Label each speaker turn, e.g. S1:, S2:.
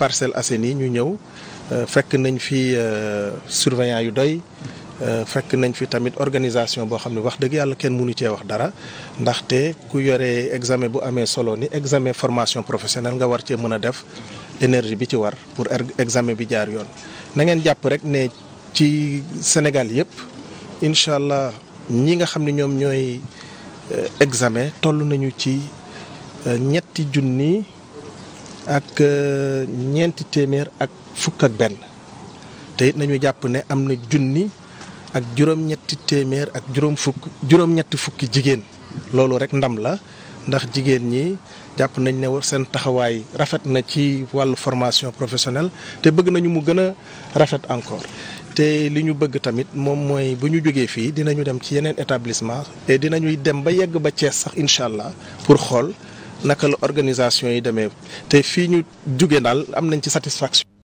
S1: Parcelles Assainies ñu ñëw euh, fekk nañ fi euh, surveillant yu doy euh, fekk nañ fi tamit organisation boo xam ne wax dëgg yàlla kenn mënu cee wax dara ndaxte ku yore examen bu amee solo ni examen formation professionnelle nga war cee mën a def énergie bi ci war pour er, examen bi jaar yoon na ngeen jàpp rek ne ci Sénégal yëpp incha allah ñi nga xam ne ñoom ñooy examen toll nañu ci ñetti junni ak euh, ñeenti téeméer ak fukk ak benn te nañu jàpp ne am na junni ak juróom-ñetti téeméer ak juróom fukk juróom-ñetti fukki jigéen loolu rek ndam la ndax jigéen ñi jàpp nañ ne seen taxawaay rafet na ci wàll formation professionnelle te bëgg nañu mu gën a rafet encore te li ñu bëgg tamit moom mooy bu ñu jógee fii dinañu dem ci yeneen établissement et dinañuy dem ba yegg ba Thiès sax incha allah pour xool naka la organisation yi demee te fii ñu juge daal
S2: am nañ ci satisfaction.